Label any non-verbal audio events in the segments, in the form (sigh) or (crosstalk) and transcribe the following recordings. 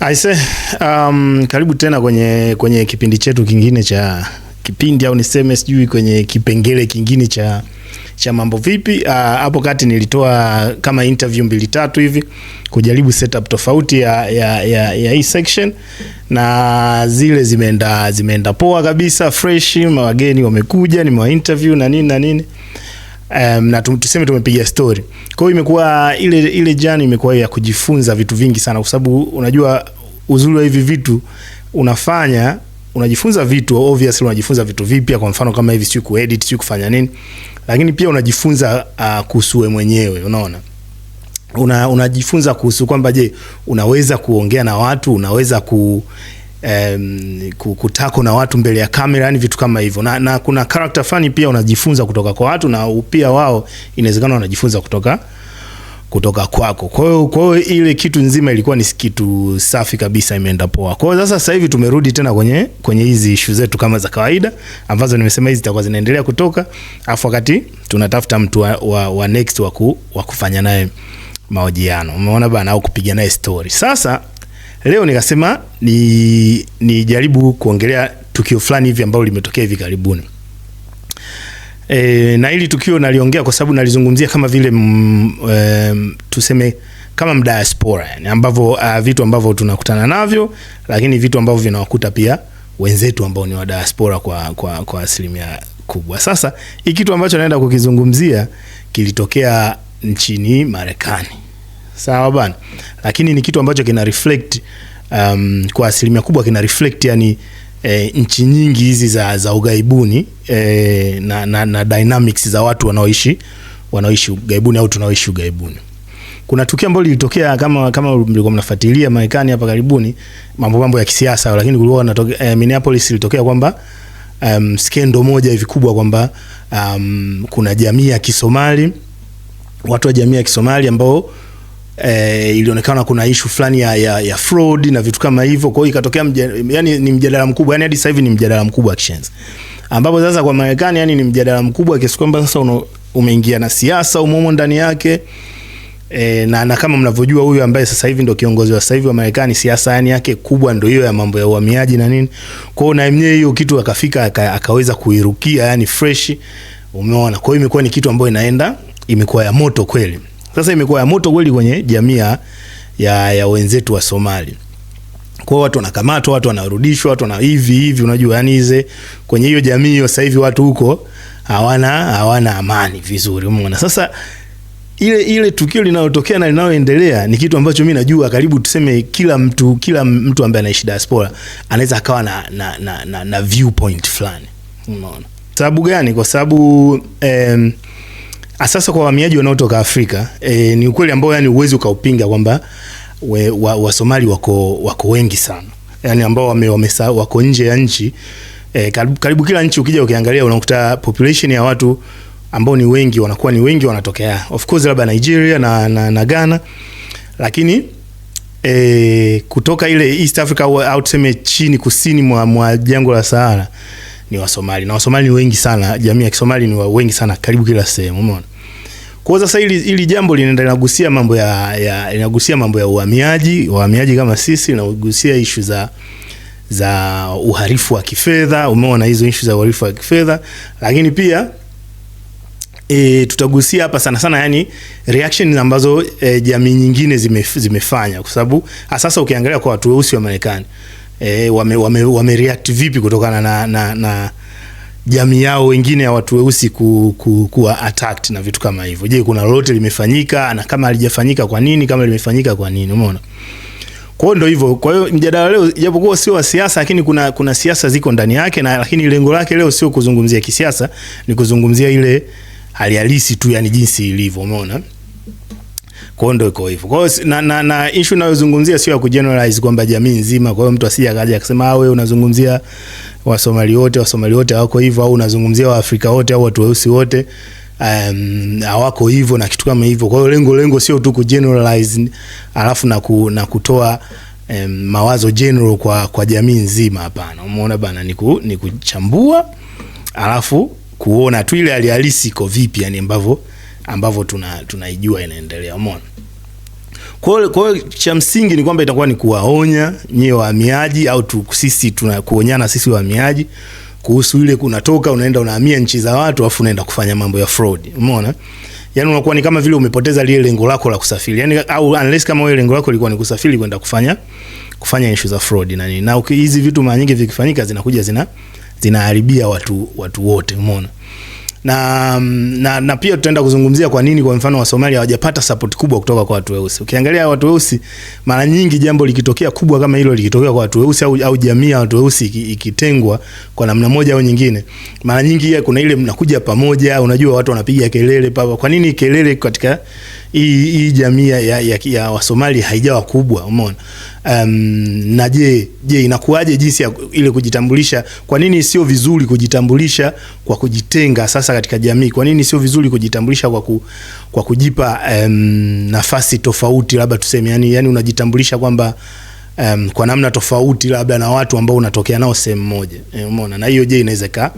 Aise, um, karibu tena kwenye, kwenye kipindi chetu kingine cha kipindi au niseme sijui kwenye kipengele kingine cha cha mambo vipi. Uh, hapo kati nilitoa kama interview mbili tatu hivi kujaribu setup tofauti ya, ya, ya, ya hii section na zile zimeenda zimeenda poa kabisa fresh, wageni wamekuja, nimewa interview na nini na nini um, na tuseme tumepiga story. Kwa hiyo imekuwa ile ile jani imekuwa ya kujifunza vitu vingi sana, kwa sababu unajua uzuri wa hivi vitu unafanya unajifunza vitu obviously, unajifunza vitu vipya. Kwa mfano kama hivi, sio kuedit, sio kufanya nini, lakini pia unajifunza uh, kuhusu wewe mwenyewe, unaona una, unajifunza kuhusu kwamba je, unaweza kuongea na watu, unaweza ku um, kutako na watu mbele ya kamera, yani vitu kama hivyo na, na kuna character fani pia unajifunza kutoka kwa watu na pia wao inawezekana wanajifunza kutoka kutoka kwako. Kwa hiyo kwa hiyo ile kitu nzima ilikuwa ni kitu safi kabisa, imeenda poa. Kwa hiyo sasa sasa hivi tumerudi tena kwenye kwenye hizi issue zetu kama za kawaida ambazo nimesema hizi zitakuwa zinaendelea kutoka, afu wakati tunatafuta mtu wa, wa, wa next wa, ku, wa kufanya naye mahojiano, umeona bana, au kupiga naye story sasa leo nikasema ni nijaribu kuongelea tukio fulani hivi ambalo limetokea hivi karibuni. E, na hili tukio naliongea kwa sababu nalizungumzia kama vile m, mm, e, tuseme kama mdiaspora yani, ambavyo uh, vitu ambavyo tunakutana navyo, lakini vitu ambavyo vinawakuta pia wenzetu ambao ni wa diaspora kwa, kwa, kwa asilimia kubwa. Sasa hii kitu ambacho naenda kukizungumzia kilitokea nchini Marekani sawa bana, lakini ni kitu ambacho kina reflect um, kwa asilimia kubwa kina reflect yani E, nchi nyingi hizi za, za ugaibuni e, eh, na, na, na dynamics za watu wanaoishi wanaoishi ugaibuni au tunaoishi ugaibuni. Kuna tukio ambalo lilitokea kama kama mlikuwa mnafuatilia Marekani hapa karibuni, mambo mambo ya kisiasa, lakini kulikuwa na e, Minneapolis ilitokea kwamba um, skendo moja hivi kubwa kwamba um, kuna jamii ya Kisomali, watu wa jamii ya Kisomali ambao e, ilionekana kuna ishu fulani ya, ya, ya fraud na vitu kama hivyo. Kwa hiyo ikatokea mjadala, yani, ni mjadala mkubwa yani, hadi sasa hivi ni mjadala mkubwa actions, ambapo sasa kwa Marekani yani ni mjadala mkubwa kiasi kwamba sasa umeingia na siasa umomo ndani yake. E, na, na kama mnavyojua huyu ambaye sasa hivi ndio kiongozi wa sasa hivi wa Marekani, siasa yani yake kubwa ndio hiyo ya mambo ya uhamiaji na nini. Kwa hiyo na yeye hiyo kitu akafika aka, akaweza kuirukia yani fresh, umeona. Kwa hiyo imekuwa ni kitu ambayo inaenda imekuwa ya moto kweli sasa imekuwa ya moto kweli kwenye jamii ya, ya wenzetu wa Somali. Kwa watu wanakamatwa, watu wanarudishwa, watu wana hivi hivi, unajua yani hize kwenye hiyo jamii hiyo, sasa hivi watu huko hawana hawana amani vizuri, umeona sasa ile ile tukio linalotokea na linaloendelea ni kitu ambacho mimi najua karibu tuseme kila mtu kila mtu ambaye anaishi diaspora anaweza akawa na, na, na, na, na viewpoint fulani. umeona. sababu gani? Kwa sababu eh, sasa kwa wahamiaji wanaotoka Afrika e, ni ukweli ambao yani uwezi ukaupinga kwamba Wasomali wa wa wako, wako wengi sana yani ambao wame, wame, wako nje ya nchi e, karibu, karibu kila nchi ukija ukiangalia unakuta population ya watu ambao ni wengi wanakuwa ni wengi wanatokea of course labda Nigeria na, na, na Ghana lakini e, kutoka ile East Africa au tuseme chini kusini mwa, mwa jangwa la Sahara ni Wasomali na Wasomali ni wengi sana, jamii ya Kisomali ni wengi sana karibu kila sehemu, umeona. Kwa sasa hili hili jambo linaenda linagusia mambo ya, ya linagusia mambo ya uhamiaji, uhamiaji kama sisi, na kugusia issue za za uhalifu wa kifedha, umeona hizo issue za uhalifu wa kifedha, lakini pia E, tutagusia hapa sana sana yani reaction ambazo e, jamii nyingine zimef, zimefanya kwa sababu sasa ukiangalia kwa watu weusi wa Marekani e, wame, wame, wame react vipi kutokana na, na, na jamii yao wengine ya watu weusi ku, ku, kuwa attacked na vitu kama hivyo. Je, kuna lolote limefanyika na kama alijafanyika kwa nini? Kama limefanyika kwa nini? Umeona? Kwa ndo hivyo. Kwa hiyo mjadala leo japokuwa sio wa siasa, lakini kuna, kuna siasa ziko ndani yake na lakini lengo lake leo sio kuzungumzia kisiasa, ni kuzungumzia ile hali halisi tu, yani jinsi ilivyo. Umeona? Kwa hiyo iko hivyo. Kwa hiyo na, na, na issue ninayozungumzia sio ya kugeneralize kwamba jamii nzima. Kwa hiyo mtu asije akaja akasema ah, wewe unazungumzia Wasomali wote, Wasomali wote hawako hivyo, au unazungumzia Waafrika wote au watu weusi wote um, hawako hivyo na kitu kama hivyo. Kwa hiyo lengo lengo sio tu kugeneralize alafu na, ku, na kutoa um, mawazo general kwa, kwa jamii nzima. Hapana, umeona bana, ni kuchambua alafu kuona tu ile hali halisi iko vipi, yani ambavyo ambavyo tunaijua tuna inaendelea. Umeona? Kwa hiyo cha msingi ni kwamba itakuwa ni kuwaonya nyie wahamiaji, au tu, sisi tunakuonyana sisi wahamiaji kuhusu ile kunatoka unaenda unahamia nchi za watu afu unaenda kufanya mambo ya fraud. Umeona? yani unakuwa ni kama vile umepoteza lile lengo lako la kusafiri. yani au unless kama wewe lengo lako lilikuwa ni kusafiri kwenda kufanya kufanya issue za fraud na nini. Na hizi vitu mara nyingi vikifanyika zinakuja zina zinaharibia watu watu wote, umeona? na, na, na pia tutaenda kuzungumzia kwa nini kwa mfano wa Somalia hawajapata support kubwa kutoka kwa watu weusi. Ukiangalia watu weusi mara nyingi jambo likitokea kubwa kama hilo likitokea kwa watu weusi au, au jamii ya watu weusi ikitengwa kwa namna moja au nyingine, mara nyingi kuna ile mnakuja pamoja, unajua watu wanapiga kelele papa. Kwa nini kelele katika hii jamii ya, ya, ya Wasomali haijawa kubwa, umeona um, na je je inakuwaje jinsi ya ile kujitambulisha? Kwa nini sio vizuri kujitambulisha kwa kujitenga sasa katika jamii? Kwa nini sio vizuri kujitambulisha kwa, ku, kwa kujipa um, nafasi tofauti, labda tuseme yani, yani unajitambulisha kwamba um, kwa namna tofauti labda na watu ambao unatokea nao sehemu moja, eh, umeona na hiyo je inaweza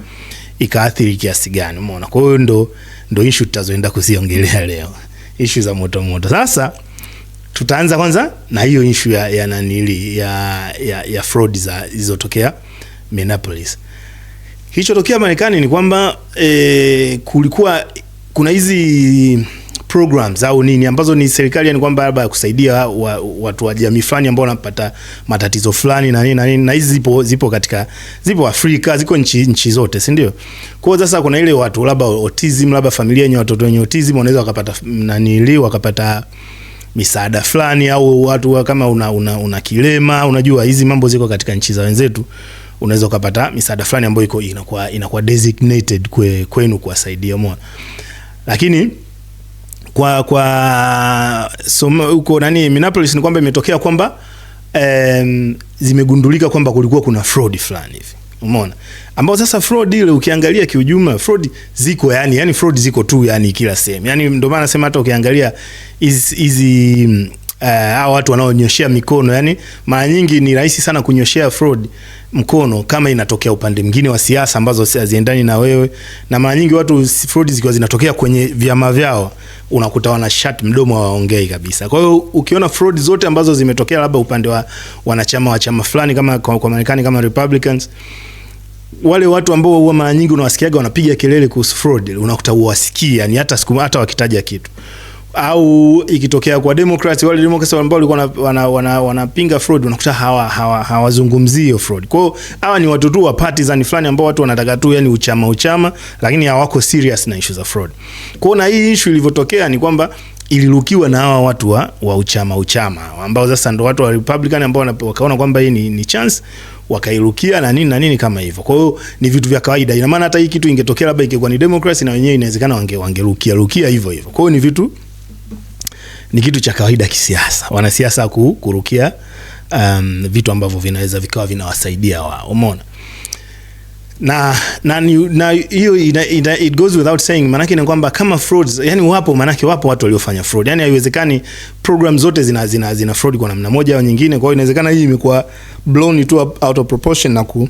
ikaathiri kiasi gani? Umeona, kwa hiyo ndo ndo issue tutazoenda kuziongelea leo ishu za moto moto. Sasa tutaanza kwanza na hiyo ishu ya, ya nanili ya, ya, ya fraud za zilizotokea Minneapolis. tokea Marekani ni kwamba e, kulikuwa kuna hizi programs au nini ambazo ni serikali, yani kwamba labda kusaidia watu wa jamii fulani ambao wanapata matatizo fulani na nini na nini, na hizi zipo zipo katika zipo Afrika, ziko nchi nchi zote, si ndio? Kwa sasa kuna ile watu labda autism, labda familia yenye watoto wenye autism wanaweza wakapata nani ili wakapata misaada fulani, au watu kama una, una, una kilema, unajua hizi mambo ziko katika nchi za wenzetu unaweza ukapata misaada fulani ambayo iko inakuwa inakuwa designated kwenu kuwasaidia mwana, lakini kwa kwa somo huko nani Minneapolis ni kwamba imetokea kwamba um, zimegundulika kwamba kulikuwa kuna fraud fulani hivi umeona, ambao sasa fraud ile ukiangalia kiujumla fraud ziko yani, yani fraud ziko tu yani kila sehemu yani, ndio maana nasema hata ukiangalia hizi mm, eh, hao uh, watu wanaonyoshea mikono yani, mara nyingi ni rahisi sana kunyoshea fraud mkono kama inatokea upande mwingine wa siasa ambazo haziendani na wewe, na mara nyingi watu fraud zikiwa zinatokea kwenye vyama vyao unakuta wana shut mdomo waongei kabisa. Kwa hiyo ukiona fraud zote ambazo zimetokea labda upande wa wanachama wa chama fulani kama kwa Marekani kama Republicans, wale watu ambao huwa mara nyingi unawasikiaga wanapiga kelele kuhusu fraud, unakuta huwasikii, yani hata siku hata wakitaja kitu au ikitokea kwa Democrats wale Democrats ambao walikuwa wanapinga wana, wana fraud wanakuta hawa hawazungumzii hawa fraud. Kwa hiyo hawa ni watu tu wa partisan fulani ambao watu wanataka tu yani uchama uchama, lakini hawako serious na issue za fraud. Kwa hiyo na hii issue ilivyotokea ni kwamba ililukiwa na hawa watu wa, wa uchama uchama ambao sasa ndo watu wa Republican ambao wakaona kwamba hii ni, ni chance wakairukia na nini na nini kama hivyo. Kwa hiyo ni vitu vya kawaida. Ina maana hata hii kitu ingetokea labda ingekuwa ni democracy na wenyewe inawezekana wange wangerukia rukia hivyo hivyo. Kwa hiyo ni vitu ni kitu cha kawaida kisiasa, wanasiasa kurukia um, vitu ambavyo vinaweza vikawa vinawasaidia wao, umeona na na na hiyo it goes without saying, manake ni kwamba kama frauds, yani wapo, manake wapo watu waliofanya fraud, yani haiwezekani program zote zina zina, zina fraud kwa namna moja au nyingine. Kwa hiyo inawezekana hii imekuwa blown tu out of proportion na ku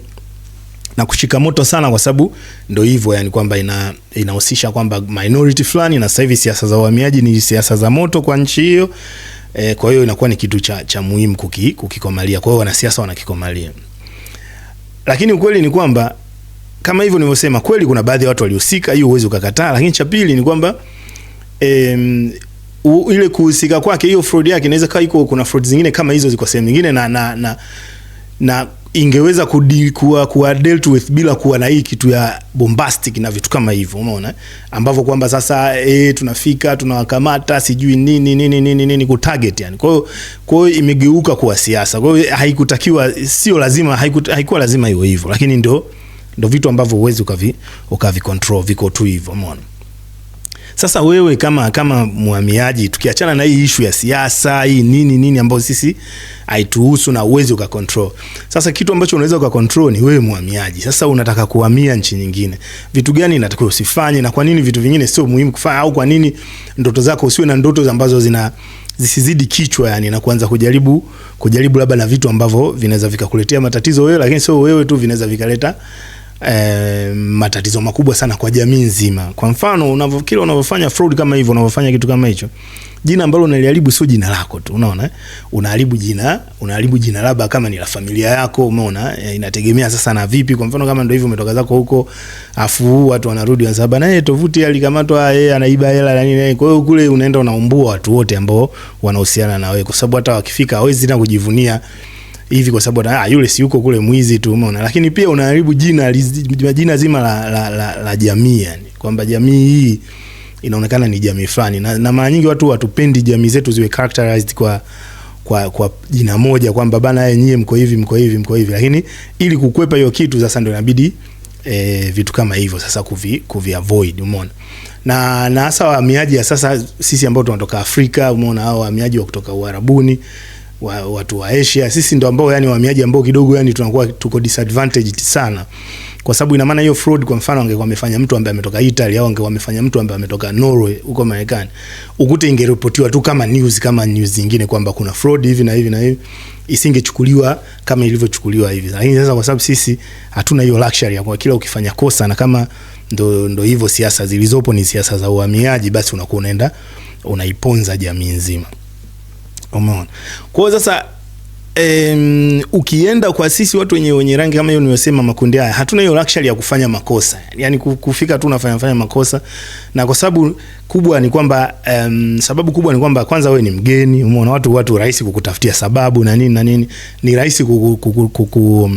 na kushika moto sana, kwa sababu ndio hivyo yani, kwamba ina inahusisha kwamba minority fulani, na sasa hivi siasa za uhamiaji ni siasa za moto kwa nchi hiyo e, kwa hiyo inakuwa ni kitu cha, cha muhimu kuki, kukikomalia. Kwa hiyo wanasiasa wanakikomalia, lakini ukweli ni kwamba kama hivyo nilivyosema, kweli kuna baadhi ya watu walihusika, hiyo huwezi ukakataa, lakini cha pili ni kwamba em, U, ile kuhusika kwake hiyo fraud yake inaweza kawa iko kuna fraud zingine kama hizo ziko sehemu nyingine na, na, na, na ingeweza kuwa kuwa dealt with bila kuwa na hii kitu ya bombastic na vitu kama hivyo, umeona ambavyo kwamba sasa e, tunafika tunawakamata sijui nini nini nini nini ku target yani. Kwa hiyo kwa hiyo imegeuka kuwa siasa. Kwa hiyo haikutakiwa, sio lazima, haikuwa lazima iwe hivyo, lakini ndio ndio vitu ambavyo huwezi ukavi ukavi control, viko tu hivyo, umeona. Sasa wewe kama kama mhamiaji, tukiachana na hii ishu ya siasa hii nini nini ambayo sisi haituhusu na uwezi ukakontrol. Sasa kitu ambacho unaweza ukakontrol ni wewe mhamiaji. Sasa unataka kuhamia nchi nyingine, vitu gani inatakiwa usifanye na kwa nini vitu vingine sio muhimu kufanya, au kwa nini ndoto zako usiwe na ndoto ambazo zina zisizidi kichwa yani, na kuanza kujaribu kujaribu labda na vitu ambavyo vinaweza vikakuletea matatizo wewe, lakini sio wewe tu vinaweza vikaleta eh, matatizo makubwa sana kwa jamii nzima. Kwa mfano unavyo kile unavyofanya fraud kama hivyo, unavyofanya kitu kama hicho, jina ambalo unaliharibu sio jina lako tu, unaona eh? Unaharibu jina, unaharibu jina labda kama ni la familia yako, umeona eh, inategemea sasa na vipi. Kwa mfano kama ndio hivyo umetoka zako huko, afu watu wanarudi wa sababu naye tovuti alikamatwa, yeye anaiba hela na nini. Kwa hiyo kule unaenda unaumbua watu wote ambao wanahusiana na wewe, kwa sababu hata wakifika hawezi na kujivunia hivi kwa sababu ah, yule si yuko kule mwizi tu, umeona. Lakini pia unaharibu jina jina zima la, la, la, la jamii yani, kwamba jamii hii inaonekana ni jamii fulani, na, na mara nyingi watu watupendi jamii zetu ziwe characterized kwa kwa kwa jina moja kwamba bana, yeye eh, nyie mko hivi mko hivi mko hivi, lakini ili kukwepa hiyo kitu sasa ndio inabidi e, vitu kama hivyo sasa kuvi, kuvi avoid umeona na na hasa wahamiaji sasa sisi ambao tunatoka Afrika umeona, hao wahamiaji wa kutoka Uarabuni wa, watu wa Asia. Sisi ndo ambao yani wahamiaji ambao kidogo yani tunakuwa tuko disadvantaged sana kwa sababu ina maana hiyo fraud, kwa mfano, angekuwa amefanya mtu ambaye ametoka Italy au angekuwa amefanya mtu ambaye ametoka Norway huko Marekani, ukute ingeripotiwa tu kama news kama news nyingine kwamba kuna fraud hivi na hivi na hivi, isingechukuliwa kama ilivyochukuliwa hivi. Lakini sasa kwa sababu sisi hatuna hiyo luxury ya kwa kila ukifanya kosa, na kama ndo ndo hivyo siasa zilizopo ni siasa za uhamiaji, basi unakuwa unaenda unaiponza jamii nzima. Umeona? Kwa hiyo sasa Um, ukienda kwa sisi watu wenye wenye rangi kama hiyo niliyosema, makundi haya hatuna hiyo luxury ya kufanya makosa, yani kufika tu unafanya fanya makosa, na kwa sababu kubwa ni kwamba um, sababu kubwa ni kwamba kwanza wewe ni mgeni, umeona watu watu rahisi kukutafutia sababu na nini na nini, ni rahisi kuku, kuku, kuku,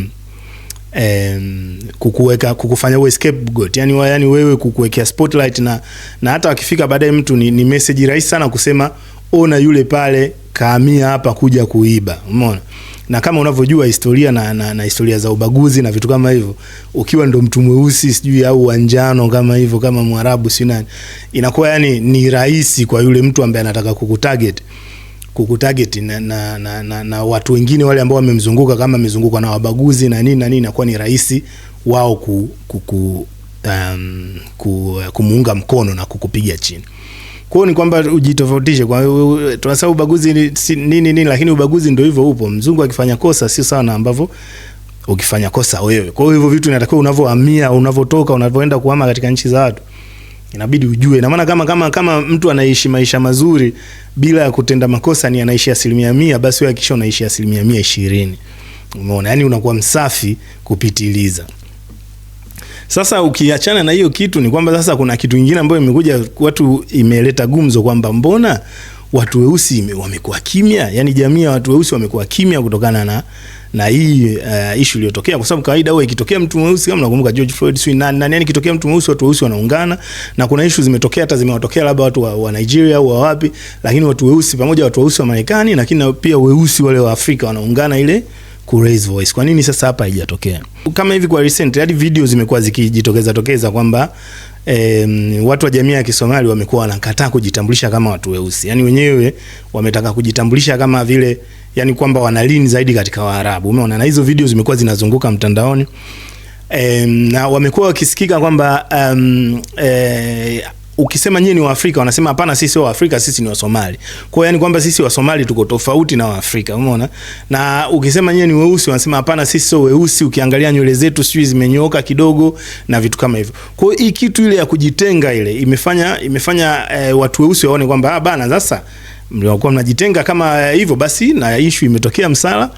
um, kukuweka kukufanya uwe scapegoat yani, wa, yani wewe kukuwekea spotlight na na hata wakifika baadaye mtu ni, ni message rahisi sana kusema ona yule pale kaamia hapa kuja kuiba, umeona. Na kama unavyojua historia na, na, na historia za ubaguzi na vitu kama hivyo, ukiwa ndo mtu mweusi sijui au wanjano kama hivyo kama Mwarabu si nani, inakuwa yani ni rahisi kwa yule mtu ambaye anataka kukutarget kukutarget na, na, na, na, na watu wengine wale ambao wamemzunguka, kama amezungukwa na wabaguzi na nini na nini, inakuwa ni rahisi wao ku, ku, ku, um, ku, kumuunga mkono na kukupiga chini. Kwa hiyo ni kwamba ujitofautishe. Kwa tunasema ubaguzi ni, si, nini nini, lakini ubaguzi ndio hivyo upo. Mzungu akifanya kosa sio sawa na ambavyo ukifanya kosa wewe. Kwa hiyo hivyo vitu inatakiwa unavyohamia, unavyotoka, unavyoenda kuhama katika nchi za watu inabidi ujue. Na maana kama kama kama mtu anaishi maisha mazuri bila ya kutenda makosa ni anaishi asilimia mia, basi wewe hakikisha unaishi asilimia mia ishirini. Umeona, yani unakuwa msafi kupitiliza. Sasa ukiachana na hiyo kitu, ni kwamba sasa kuna kitu kingine ambayo imekuja watu, imeleta gumzo kwamba mbona watu weusi wamekuwa kimya, yani jamii ya watu weusi wamekuwa kimya kutokana na na hii uh, issue iliyotokea, kwa sababu kawaida huwa ikitokea mtu mweusi kama nakumbuka George Floyd si nani nani, yani ikitokea mtu mweusi watu weusi wanaungana, na kuna issue zimetokea hata zimewatokea labda watu wa, wa Nigeria au wa wapi, lakini watu weusi pamoja, watu weusi wa Marekani, lakini pia weusi wale wa Afrika wanaungana ile ku raise voice. Kwa nini sasa hapa haijatokea? Kama hivi kwa recent hadi video zimekuwa zikijitokeza tokeza kwamba Um, watu wa jamii ya Kisomali wamekuwa wanakataa kujitambulisha kama watu weusi. Yaani wenyewe wametaka kujitambulisha kama vile yani kwamba wanalini zaidi katika Waarabu. Umeona na hizo video zimekuwa zinazunguka mtandaoni. Um, na wamekuwa wakisikika kwamba um, e, ukisema nyie ni Waafrika wanasema hapana, sisi wa Afrika, sisi ni Wasomali. Kwa hiyo yani kwamba sisi Wasomali tuko tofauti na Waafrika, umeona? Na ukisema nyie ni weusi wanasema hapana, sisi sio weusi, ukiangalia nywele zetu sijui zimenyooka kidogo na vitu kama hivyo. Kwa hiyo hii kitu ile ya kujitenga ile imefanya imefanya e, watu weusi waone kwamba ah, bana sasa mliokuwa mnajitenga kama eh, hivyo, basi na issue imetokea Msala,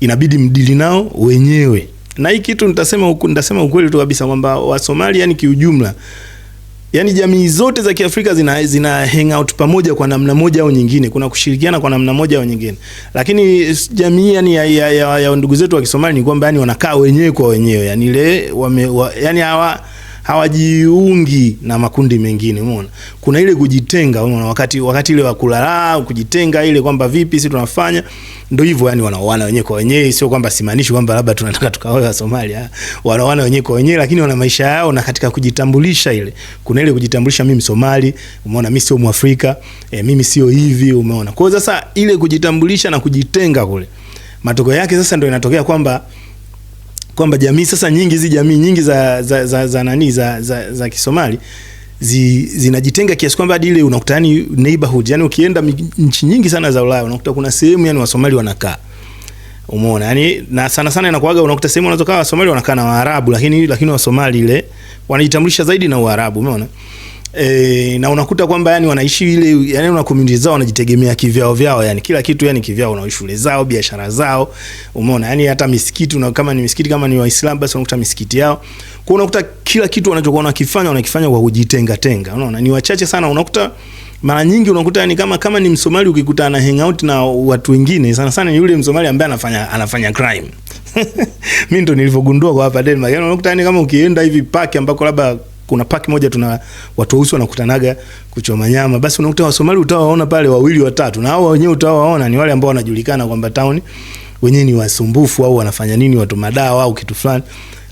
inabidi mdili nao wenyewe. Na hii kitu nitasema nitasema ukweli tu kabisa kwamba Wasomali yani kiujumla yani jamii zote za Kiafrika zina, zina hang out pamoja kwa namna moja au nyingine, kuna kushirikiana kwa namna moja au nyingine. Lakini jamii yani ya, ya, ya, ya ndugu zetu wa Kisomali ni kwamba yani wanakaa wenyewe kwa wenyewe yani ile wame, wa, yani hawa hawajiungi na makundi mengine. Umeona kuna ile kujitenga, umeona wakati wakati ile wa kulala kujitenga, ile kwamba vipi sisi tunafanya ndio hivyo, yani wanaoana wenyewe kwa wenyewe. Sio kwamba simaanishi kwamba labda tunataka tukaoe wa Somalia, ah. wanaoana wenyewe kwa wenyewe, lakini wana maisha yao, na katika kujitambulisha ile kuna ile kujitambulisha, mimi Somali, umeona mimi sio Mwafrika e, mimi sio hivi, umeona. Kwa hiyo sasa ile kujitambulisha na kujitenga kule, matokeo yake sasa ndio inatokea kwamba kwamba jamii sasa nyingi hizi jamii nyingi za za, za, za nani za, za, za Kisomali zi, zinajitenga kiasi kwamba hadi ile unakutani neighborhood, yani ukienda nchi nyingi sana za Ulaya unakuta kuna sehemu yani Wasomali wanakaa Umeona? yani, na sana sana inakuaga unakuta sehemu unazokaa Wasomali wanakaa na Waarabu, lakini lakini Wasomali ile wanajitambulisha zaidi na Uarabu, umeona? E, na unakuta kwamba yani wanaishi ile yani una community zao wanajitegemea kivyao vyao, yani kila kitu yani kivyao, na shule zao, biashara zao, umeona yani hata misikiti una kama ni misikiti kama ni Waislamu basi unakuta misikiti yao. Kwa unakuta kila kitu wanachokuwa wanakifanya wanakifanya kwa kujitenga tenga, unaona ni wachache sana, unakuta mara nyingi unakuta yani kama kama ni Msomali ukikutana na hang out na watu wengine, sana sana ni yule Msomali ambaye anafanya anafanya crime mimi (laughs) ndo nilivyogundua kwa hapa Denmark, yani unakuta yani kama ukienda hivi park ambako labda kuna paki moja tuna watu weusi wanakutanaga kuchoma nyama, basi unakuta Wasomali utawaona pale wawili watatu, na hao wenyewe utawaona ni wale ambao wanajulikana kwamba town wenyewe ni wasumbufu au wanafanya nini, watu madawa au kitu fulani.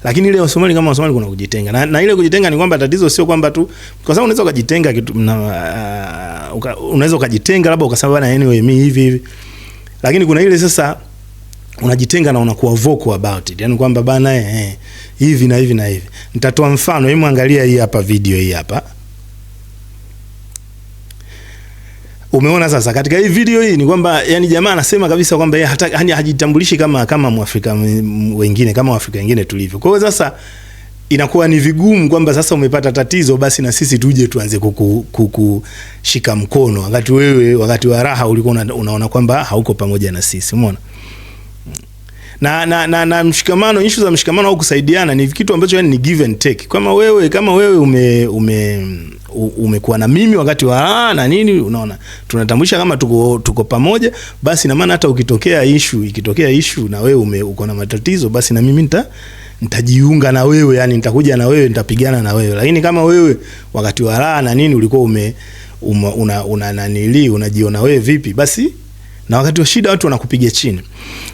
Lakini ile Wasomali kama Wasomali kuna kujitenga na, na ile kujitenga ni kwamba tatizo sio kwamba tu kwa sababu unaweza ukajitenga kitu uh, unaweza ukajitenga labda ukasema bana, anyway mimi hivi hivi, lakini kuna ile sasa unajitenga na unakuwa vocal about it, yani kwamba bana eh, eh, hivi na hivi na hivi. Nitatoa mfano, hebu angalia hii hapa video hii hapa. Umeona sasa, katika hii video hii ni kwamba yani jamaa anasema kabisa kwamba yeye hata yani hajitambulishi kama kama Mwafrika wengine kama Waafrika wengine tulivyo. Kwa hiyo sasa inakuwa ni vigumu kwamba sasa umepata tatizo, basi na sisi tuje tuanze kukushika mkono, wakati wewe wakati wa raha ulikuwa unaona kwamba hauko pamoja na sisi. Umeona? na, na, na, na mshikamano, ishu za mshikamano au kusaidiana ni kitu ambacho yani ni give and take. Kama wewe kama wewe ume, ume umekuwa na mimi wakati wa aa, ah, na nini, unaona tunatambulisha kama tuko, tuko pamoja, basi na maana hata ukitokea issue ikitokea issue na wewe ume, uko na matatizo, basi na mimi nita nitajiunga na wewe, yani nitakuja na wewe, nitapigana na wewe. Lakini kama wewe wakati wa raha na nini ulikuwa ume, ume una, una nanili unajiona wewe vipi, basi na wakati wa shida watu wanakupiga chini.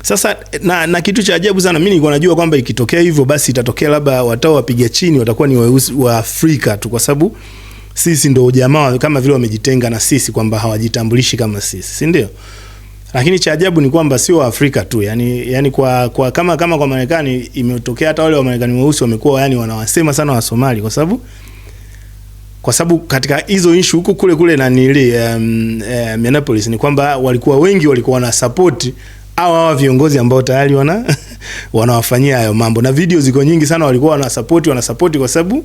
Sasa na, na kitu cha ajabu sana, mimi nilikuwa najua kwamba ikitokea hivyo basi itatokea labda watao wapiga chini watakuwa ni weusi wa Afrika tu, kwa sababu sisi ndo jamaa kama vile wamejitenga na sisi, kwamba hawajitambulishi kama sisi, si ndio? Lakini cha ajabu ni kwamba sio Afrika tu yani, yani kwa, kwa kama kama kwa Marekani imetokea hata wale wa Marekani weusi wamekuwa yani wanawasema sana wa Somali kwa sababu kwa sababu katika hizo issue huko kule kule na nili um, uh, Minneapolis ni kwamba walikuwa wengi walikuwa na support hawa hawa viongozi ambao tayari wana (laughs) wanawafanyia hayo mambo, na video ziko nyingi sana, walikuwa wana support wana support kwa sababu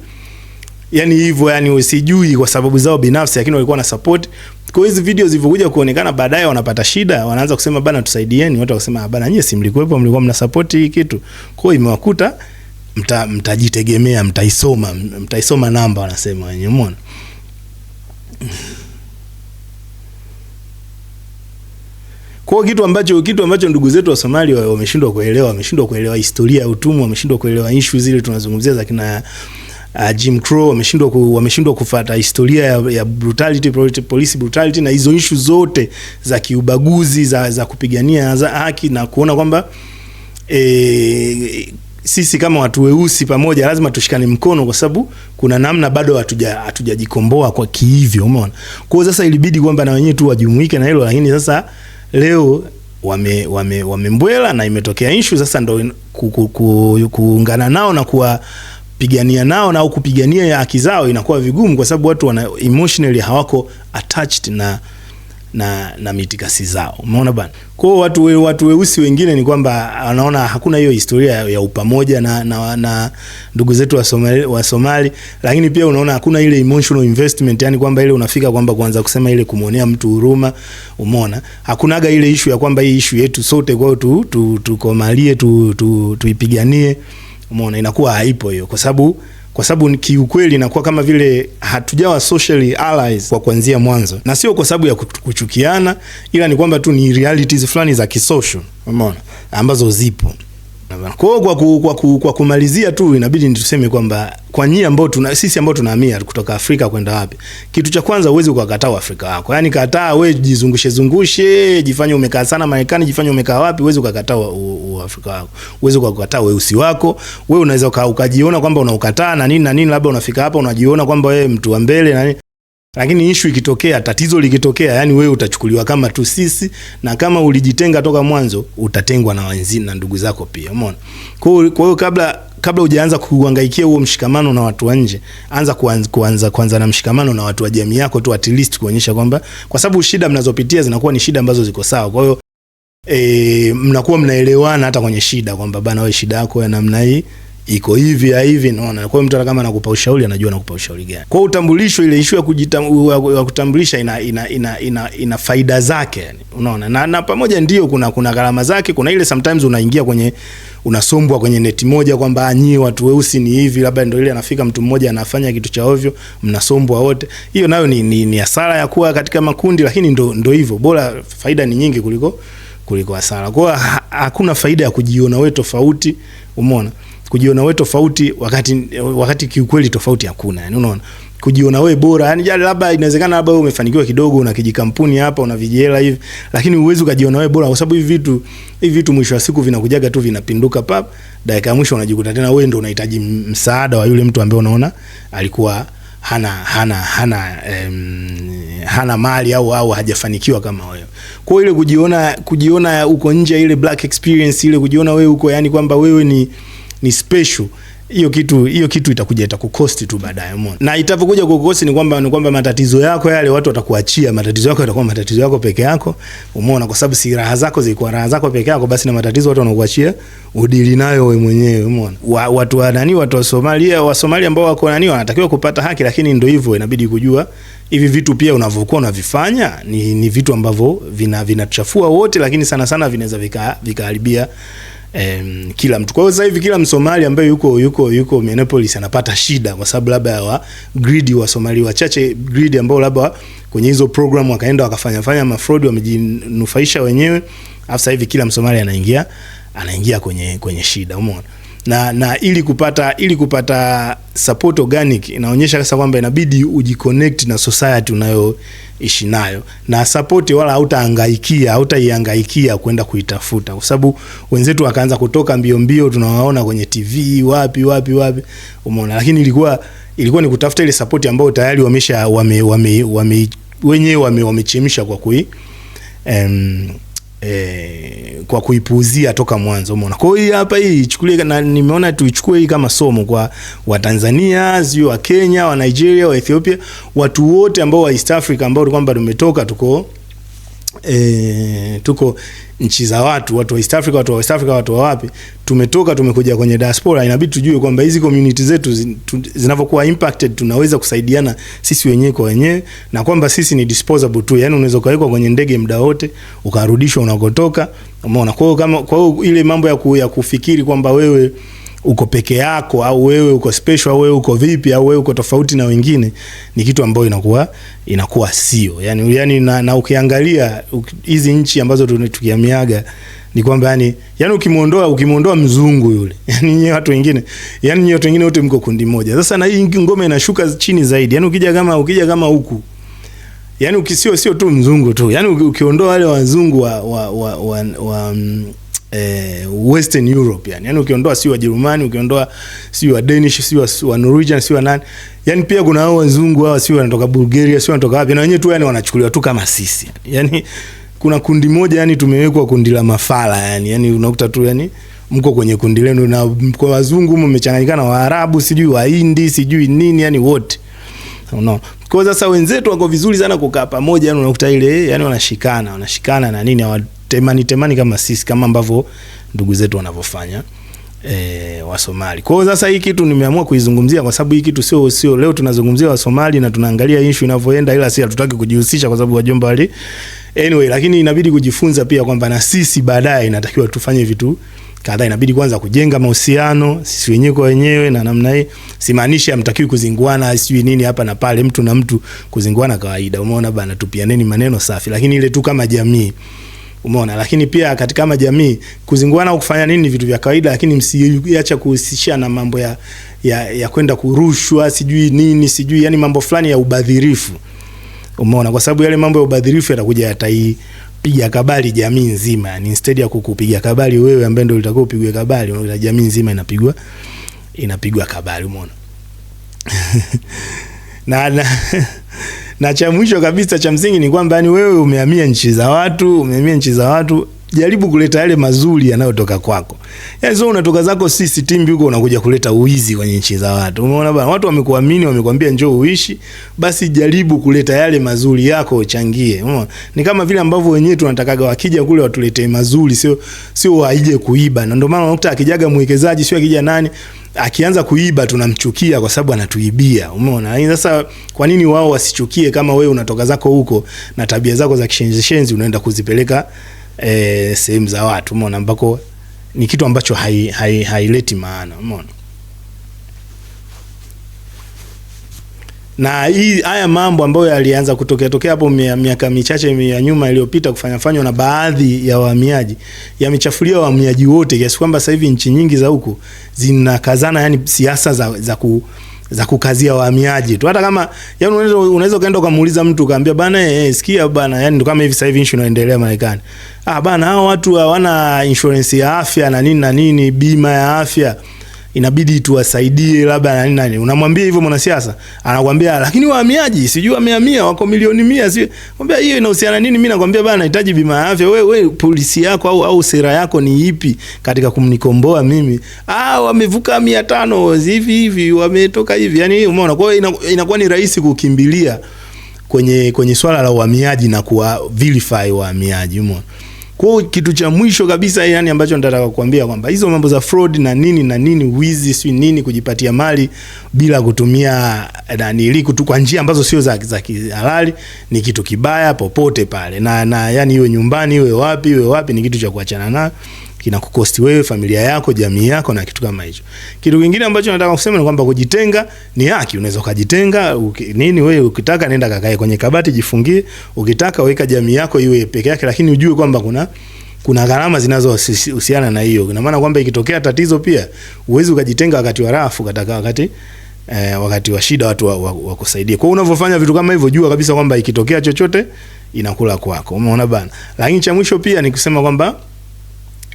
yani hivyo yani usijui kwa sababu zao binafsi, lakini walikuwa na support. Kwa hizo video zilivyokuja kuonekana baadaye, wanapata shida, wanaanza kusema bana, tusaidieni. Watu wakasema bana, nyie si mlikuwepo, mlikuwa mna support hii kitu, kwa hiyo imewakuta mtajitegemea mta mtaisoma, mtaisoma namba, wanasema wenyewe, umeona Kwa kitu ambacho kitu ambacho ndugu zetu wa somali wameshindwa kuelewa, wameshindwa kuelewa historia ya utumwa, wameshindwa kuelewa issue zile tunazungumzia za kina uh, Jim Crow, wameshindwa ku, wameshindwa kufuata historia ya, ya brutality, police brutality na hizo issue zote za kiubaguzi za, za kupigania za haki na kuona kwamba e, sisi kama watu weusi pamoja lazima tushikane mkono, kwa sababu kuna namna bado hatujajikomboa kwa kihivyo umeona. Kwa sasa ilibidi kwamba na wenyewe tu wajumuike na hilo, lakini sasa leo wame wamembwela wame na imetokea issue sasa, ndo kuungana nao na kuwapigania nao na au kupigania haki zao inakuwa vigumu, kwa sababu watu wana emotionally hawako attached na na, na mitikasi zao. Umeona bwana? Kwa watu we, watu weusi wengine ni kwamba wanaona hakuna hiyo historia ya upamoja na na, na ndugu zetu wa Somali, wa Somali, lakini pia unaona hakuna ile emotional investment, yani kwamba ile unafika kwamba kuanza kusema ile kumwonea mtu huruma, umeona? Hakunaga ile ishu ya kwamba hii ishu yetu sote, kwao hiyo tu tukomalie tu, tu, tu, tuipiganie. Umeona, inakuwa haipo hiyo kwa sababu kwa sababu kiukweli inakuwa kama vile hatujawa socially allies kwa kuanzia mwanzo, na sio kwa sababu ya kuchukiana, ila ni kwamba tu ni realities fulani za kisocial, umeona, ambazo zipo. Kwa kwa, ku, kwa, ku, kwa kumalizia tu inabidi nituseme kwamba kwa nyia ambao tuna sisi ambao tunahamia kutoka Afrika kwenda wapi, kitu cha kwanza uwezi ukakataa Afrika wako. yani kataa wewe, jizungushe zungushe, jifanye umekaa sana Marekani, jifanye umekaa wapi, uwezi ukakataa Afrika wako, uwezi ukakataa weusi wako. Wewe unaweza ukajiona kwamba unaukataa na nini na nini, labda unafika hapa unajiona kwamba wewe mtu wa mbele na nini. Lakini ishu ikitokea, tatizo likitokea, yani wewe utachukuliwa kama tu sisi, na kama ulijitenga toka mwanzo utatengwa na wenzini na ndugu zako pia, umeona. Kwa hiyo kabla kabla hujaanza kuhangaikia huo mshikamano na watu wa nje, anza kuanza kuanza kwanza na mshikamano na watu wa jamii yako tu, at least kuonyesha kwamba, kwa sababu shida mnazopitia zinakuwa ni shida ambazo ziko sawa. Kwa hiyo e, mnakuwa mnaelewana hata kwenye shida kwamba bana, wewe shida yako ya namna hii iko hivi ya hivi, naona. Kwa hiyo mtu kama anakupa ushauri anajua anakupa ushauri gani. Kwa utambulisho, ile issue ya kutambulisha ina, ina, ina, ina, ina faida zake yani, unaona na, na pamoja ndio kuna kuna gharama zake. Kuna ile sometimes unaingia kwenye unasombwa kwenye neti moja kwamba ah, nyi watu weusi ni hivi, labda ndio ile anafika mtu mmoja anafanya kitu cha ovyo, mnasombwa wote. Hiyo nayo ni, ni, ni hasara ya kuwa katika makundi, lakini ndo ndo hivyo, bora faida ni nyingi kuliko kuliko hasara. Kwa hakuna faida ya kujiona wewe tofauti, umeona kujiona wewe tofauti wakati wakati kiukweli tofauti hakuna, yani unaona, kujiona wewe bora, yani jali, labda inawezekana labda wewe umefanikiwa kidogo, una kijikampuni hapa, una vijela hivi, lakini uwezi ukajiona wewe bora, kwa sababu hivi vitu hivi vitu mwisho wa siku vinakujaga tu vinapinduka pap, dakika ya mwisho unajikuta tena wewe ndio unahitaji msaada wa yule mtu ambaye unaona alikuwa hana hana hana um, hana mali au au hajafanikiwa kama wewe. Kwa ile kujiona kujiona uko nje ile black experience ile kujiona wewe uko yani kwamba wewe ni ni special hiyo kitu hiyo kitu itakuja itakukosti tu baadaye. Umeona, na itavyokuja kukukosti ni kwamba ni kwamba matatizo yako yale watu watakuachia matatizo yako, yatakuwa matatizo yako peke yako. Umeona, kwa sababu si raha zako zilikuwa raha zako peke yako, basi na matatizo watu wanakuachia udili nayo wewe mwenyewe. Umeona, wa, watu wa nani, watu wa Somalia, wa Somalia ambao wako nani, wanatakiwa kupata haki, lakini ndio hivyo, inabidi kujua hivi vitu pia unavyokuwa unavifanya ni, ni vitu ambavyo vinachafua vina wote, lakini sana sana vinaweza vikaharibia vika um, kila mtu. Kwa hiyo sasa hivi kila Msomali ambaye yuko yuko yuko Minneapolis anapata shida kwa sababu labda wa greed wa Somali wachache greed ambao labda kwenye hizo program wakaenda wakafanya fanya mafraud wamejinufaisha wenyewe. Sasa hivi kila Msomali anaingia anaingia kwenye kwenye shida, umeona? Na, na ili kupata ili kupata support organic inaonyesha sasa kwamba inabidi ujiconnect na society unayo ishi nayo na sapoti, wala hautaangaikia hautaiangaikia kwenda kuitafuta, kwa sababu wenzetu wakaanza kutoka mbio mbio, tunawaona kwenye TV wapi wapi wapi, umeona. Lakini ilikuwa ilikuwa ni kutafuta ile sapoti ambayo tayari wamesha wame, wame, wame wenyewe wamechemsha wame kwa kui um, eh, kwa kuipuuzia toka mwanzo. Umeona, kwa hiyo hapa hii ichukulie, na nimeona tuichukue hii kama somo kwa Watanzania, sio wa Kenya, wa Nigeria, wa Ethiopia, watu wote ambao wa East Africa ambao kwamba tumetoka tuko e, tuko nchi za watu, watu wa East Africa, watu wa West Africa, watu wa wapi, tumetoka tumekuja kwenye diaspora, inabidi tujue kwamba hizi community zetu zinavyokuwa impacted, tunaweza kusaidiana sisi wenyewe kwa wenyewe, na kwamba sisi ni disposable tu, yani unaweza ukawekwa kwenye ndege muda wote ukarudishwa unakotoka, umeona. Kwa hiyo kama, kwa hiyo ile mambo ya, ku, ya kufikiri kwamba wewe uko peke yako au wewe uko special au wewe uko vipi au wewe uko tofauti na wengine, ni kitu ambayo inakuwa inakuwa sio yani, yani na, na ukiangalia hizi nchi ambazo tukiamiaga ni kwamba yani, yani ukimuondoa ukimuondoa mzungu yule (laughs) yani nyewe watu wengine yani nyewe watu wengine wote mko kundi moja. Sasa na hii ngoma inashuka chini zaidi yani, ukija kama ukija kama huku yani ukisio sio tu mzungu tu yani ukiondoa wale wazungu wa, wa, wa, wa, wa, wa mm, eh, Western Europe yani. Yani ukiondoa si wa Jerumani, ukiondoa si wa Danish, si wa, wa Norwegian, si wa nani. Yani pia kuna hao wazungu hao si wanatoka Bulgaria, si wanatoka wapi. Na wenyewe tu yani wanachukuliwa tu kama sisi. Yani yani kuna kundi moja yani tumewekwa kundi la mafala yani. Yani unakuta tu yani mko kwenye kundi lenu na kwa wazungu mmechanganyikana wa arabu sijui wa hindi sijui nini yani wote. no Kwa sasa wenzetu wako vizuri sana kukaa pamoja yani unakuta ile yani wanashikana, wanashikana na nini temani temani kama sisi kama ambavyo ndugu zetu wanavyofanya e, Wasomali. Kwa hiyo sasa hii kitu nimeamua kuizungumzia kwa sababu hii kitu sio sio leo tunazungumzia Wasomali na tunaangalia issue inavyoenda, ila si hatutaki kujihusisha kwa sababu wajomba wali anyway, lakini inabidi kujifunza pia kwamba na sisi baadaye inatakiwa tufanye vitu kadhaa. Inabidi kwanza kujenga mahusiano sisi wenyewe kwa wenyewe na namna hii. Simaanishi hamtakiwi kuzinguana sijui nini hapa na pale, mtu na mtu kuzinguana kawaida, umeona bana, tupianeni maneno safi, lakini ile tu kama jamii Umeona, lakini pia katika jamii kuzinguana au kufanya nini vitu vya kawaida, lakini msiacha kuhusisha na mambo ya, ya, ya kwenda kurushwa sijui nini sijui, yani mambo fulani ya ubadhirifu. Umeona, kwa sababu yale mambo ya ubadhirifu yatakuja yataipiga kabali jamii nzima, yani instead ya kukupiga kabali wewe ambaye ndio utakuwa upigwe kabali, na jamii nzima inapigwa inapigwa kabali. Umeona (laughs) na, na (laughs) na cha mwisho kabisa cha msingi ni kwamba yani wewe umehamia nchi za watu, umehamia nchi za watu jaribu kuleta yale mazuri yanayotoka kwako. Yaani sio unatoka zako sisi timbi huko unakuja kuleta uizi kwenye nchi za watu. Umeona bwana, watu wamekuamini, wamekwambia njoo uishi, basi jaribu kuleta yale mazuri yako uchangie. Umeona? Ni kama vile ambavyo wenyewe tunatakaga wakija kule watuletee mazuri, sio sio waije kuiba. Na ndio maana unakuta akijaga mwekezaji sio akija nani akianza kuiba tunamchukia kwa sababu anatuibia. Umeona? Yaani sasa kwa nini wao wasichukie kama wewe unatoka zako huko na tabia zako za kishenzi shenzi unaenda kuzipeleka e, sehemu za watu umeona, ambako ni kitu ambacho haileti hai, hai maana umeona. Na hii haya mambo ambayo yalianza kutokea tokea hapo miaka michache ya nyuma iliyopita kufanya fanywa na baadhi ya wahamiaji yamechafulia wahamiaji wote kiasi kwamba sasa hivi nchi nyingi za huku zinakazana, yani siasa za, za ku za kukazia wahamiaji tu. Hata kama yani, unaweza unaweza kaenda ukamuuliza mtu ukaambia bana, eh, eh sikia bana, yani ndo kama hivi sasa hivi nchi inaendelea Marekani. Ah bana, hao watu hawana insurance ya afya na nini na nini, bima ya afya inabidi tuwasaidie labda nani nani. Unamwambia hivyo mwanasiasa, anakwambia lakini wahamiaji sijui wamehamia wako milioni mia, si kwambia hiyo inahusiana nini? Mimi nakwambia bana, nahitaji bima ya afya. Wewe wewe, polisi yako au au sera yako ni ipi katika kumnikomboa mimi? Ah, wamevuka mia tano hivi hivi, wametoka hivi, yani umeona. Kwa hiyo inakuwa ni rahisi kukimbilia kwenye kwenye swala la uhamiaji na kuwa vilify wahamiaji, umeona. Kwa kitu cha mwisho kabisa yani ambacho nataka kukuambia kwamba hizo mambo za fraud na nini na nini wizi si nini kujipatia mali bila kutumia nani ili kwa njia ambazo sio za za halali ni kitu kibaya popote pale. Na na yani iwe nyumbani iwe wapi iwe wapi ni kitu cha kuachana nayo kinakukosti wewe, familia yako, jamii yako na kitu kama hicho. Kitu kingine ambacho nataka kusema ni kwamba kujitenga ni haki, unaweza ukajitenga nini wewe, ukitaka nenda kakae kwenye kabati, jifungie, ukitaka weka jamii yako iwe peke yake, lakini ujue kwamba kuna kuna gharama zinazohusiana na hiyo. Ina maana kwamba ikitokea tatizo pia uwezi ukajitenga wakati wa rafu kataka wakati eh, wakati wa shida watu wakusaidie. Wa, wa kwa hiyo unavyofanya vitu kama hivyo, jua kabisa kwamba ikitokea chochote inakula kwako. Umeona bana? Lakini cha mwisho pia ni kusema kwamba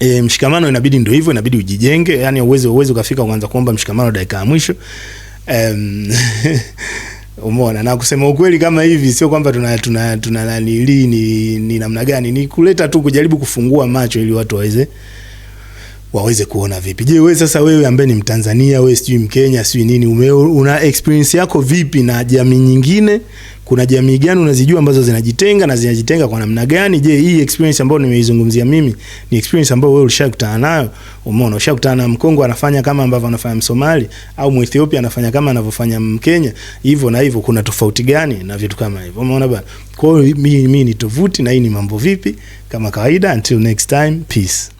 E, mshikamano inabidi ndio hivyo, inabidi ujijenge, yani uweze uweze ukafika uanza kuomba mshikamano dakika ya mwisho. Um, (laughs) umeona na kusema ukweli kama hivi, sio kwamba tuna tuna tuna nani ni, ni namna gani, ni kuleta tu kujaribu kufungua macho ili watu waweze waweze kuona vipi. Je, wewe sasa, wewe ambaye ni Mtanzania, wewe sijui Mkenya, sijui nini, ume, una experience yako vipi na jamii nyingine? Kuna jamii gani unazijua ambazo zinajitenga na zinajitenga kwa namna gani? Je, hii experience ambayo nimeizungumzia mimi ni experience ambayo wewe ulishakutana nayo? Umeona, ushakutana na Mkongo anafanya kama ambavyo anafanya Msomali, au Mwethiopia anafanya kama anavyofanya Mkenya, hivyo na hivyo, kuna tofauti gani na vitu kama hivyo? Umeona bwana. Kwa hiyo mimi ni tovuti na hii ni mambo vipi, kama kawaida. Until next time, peace.